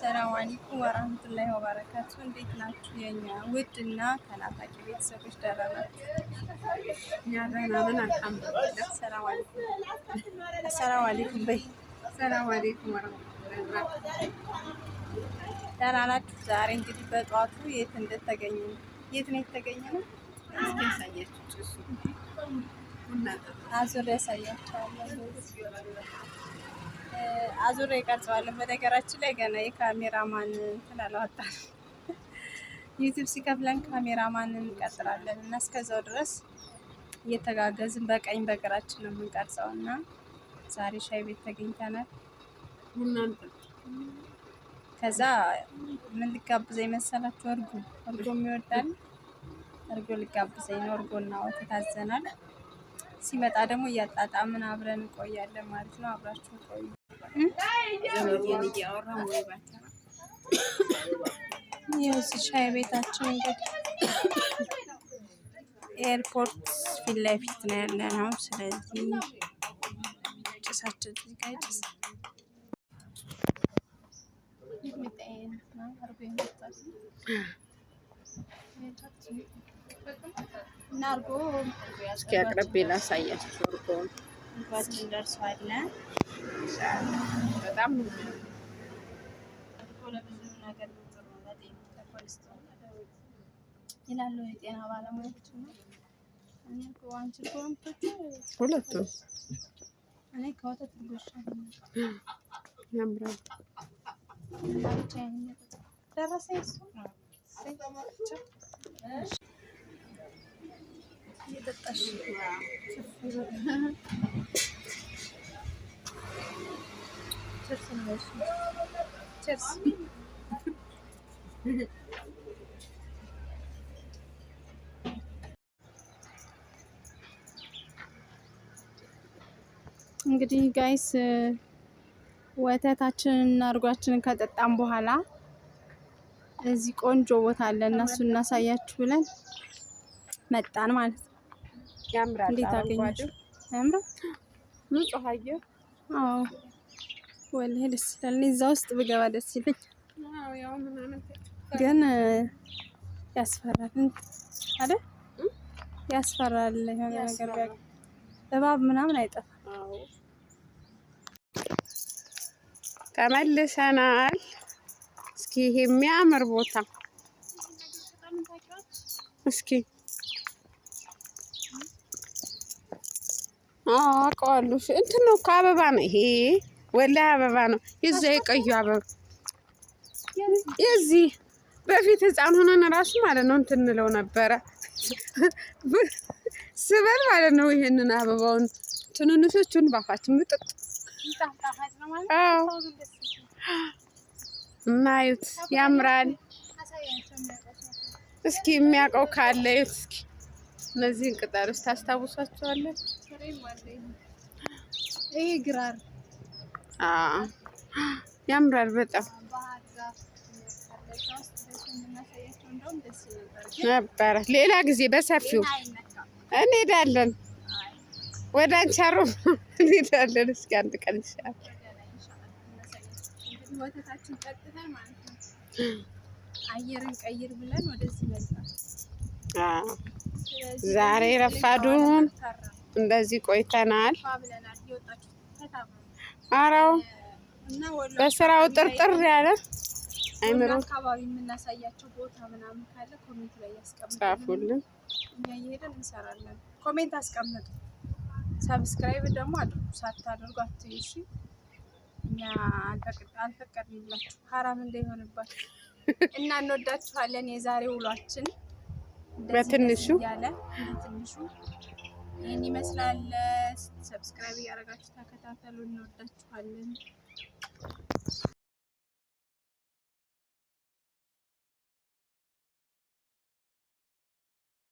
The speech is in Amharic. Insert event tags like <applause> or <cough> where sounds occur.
ሰላም አለይኩም ወራህመቱላሂ ወበረካቱ። እንዴት ናችሁ የኛ ውድ እና ተናፋቂ ቤተሰቦች? ደህና ናችሁ? እኛ ደህና ነን አልሐምዱሊላህ። ሰላም አለይኩም ሰላም አለይኩም በይ። ሰላም አለይኩም ወራህመቱላሂ ደህና ናችሁ? ዛሬ እንግዲህ በጧቱ የት እንደተገኘ የት ነው የተገኘ ነው እስኪ ያሳያችሁ። ጭሱ አዙር ያሳያችኋለሁ አዙሬ ይቀርጸዋለሁ። በነገራችን ላይ ገና የካሜራማን እንትን <laughs> ዩቲዩብ ሲከፍለን ካሜራማን እንቀጥራለን እና እስከዛው ድረስ እየተጋገዝን በቀኝ በግራችን ነው የምንቀርጸው እና ዛሬ ሻይ ቤት ተገኝተናል። ከዛ ምን ልጋብዘኝ መሰላችሁ? እርጎ እርጎ የሚወዳል እርጎ ልጋብዘኝ ነው። እርጎና ወተት ሲመጣ ደግሞ እያጣጣምን አብረን እንቆያለን ማለት ነው። አብራችሁ ቆዩ። የዚህ ሻይ ቤታችን እንግዲህ ኤርፖርት ፊት ለፊት ነው ያለ ነው። ስለዚህ ጭሳችን ጭስ እስኪ አቅርቤ ላሳያችሁ እርጎውን ምግባችን ደርሷል። በጣም ይላሉ የጤና ባለሙያዎች ነው። እኔ አንቺ ሁለቱም እኔ ከወተት ያምራል። ደረሰ ጠጣሽ። እንግዲህ ጋይስ ወተታችንን እና እርጓችንን ከጠጣም በኋላ እዚህ ቆንጆ ቦታ አለ እና እሱ እናሳያችሁ ብለን መጣን ማለት ነው። ያምራል። እንዴት አገኘሽው? ንጹህ አየር። አዎ ወላሂ ደስ ይላል። እኔ እዛ ውስጥ ብገባ ደስ ይለኝ፣ ግን ያስፈራል አይደል? ያስፈራል። የሆነ ነገር እባብ ምናምን አይጠፋም። ተመልሰናል። እስኪ ይሄ የሚያምር ቦታ እስኪ አውቀዋለሁ። እንትን ነው እኮ አበባ ነው ይሄ፣ ወላሂ አበባ ነው። የዛ የቀዩ አበባ የዚህ በፊት ህፃን ሆነን ራሱ ማለት ነው እንትን እንለው ነበረ ስበል ማለት ነው። ይሄንን አበባውን ትንንሾቹን ባፋችን ምጥጥ እናዩት፣ ያምራል። እስኪ የሚያውቀው ካለ እዩት። እስኪ እነዚህን ቅጠሎች ታስታውሷቸዋለን? ያምራል በጣም ነበረ። ሌላ ጊዜ በሰፊው እንሄዳለን። ወደ አንቻሮ <laughs> እንሄዳለን። እስኪ አንድ ቀን ይሻላል። አየርን ቀይር ብለን ወደዚህ ዛሬ ረፋዱን እንደዚህ ቆይተናል። አራው በስራው ጥርጥር ያለ አይምሮ አካባቢ የምናሳያቸው ቦታ ምናምን ካለ ኮሜንት ላይ ያስቀምጡ፣ ጻፉልን። እኛ እየሄደን እንሰራለን። ኮሜንት አስቀምጡ። ሰብስክራይብ ደግሞ አድርጉ። ሳታደርጉ አትይሽ። እኛ አልፈቀድንላችሁ ሀራም እንዳይሆንባችሁ እና እንወዳችኋለን። የዛሬ ውሏችን በትንሹ ያለ በትንሹ ይህን ይመስላል። ሰብስክራይብ እያደረጋችሁ ተከታተሉ። እንወዳችኋለን።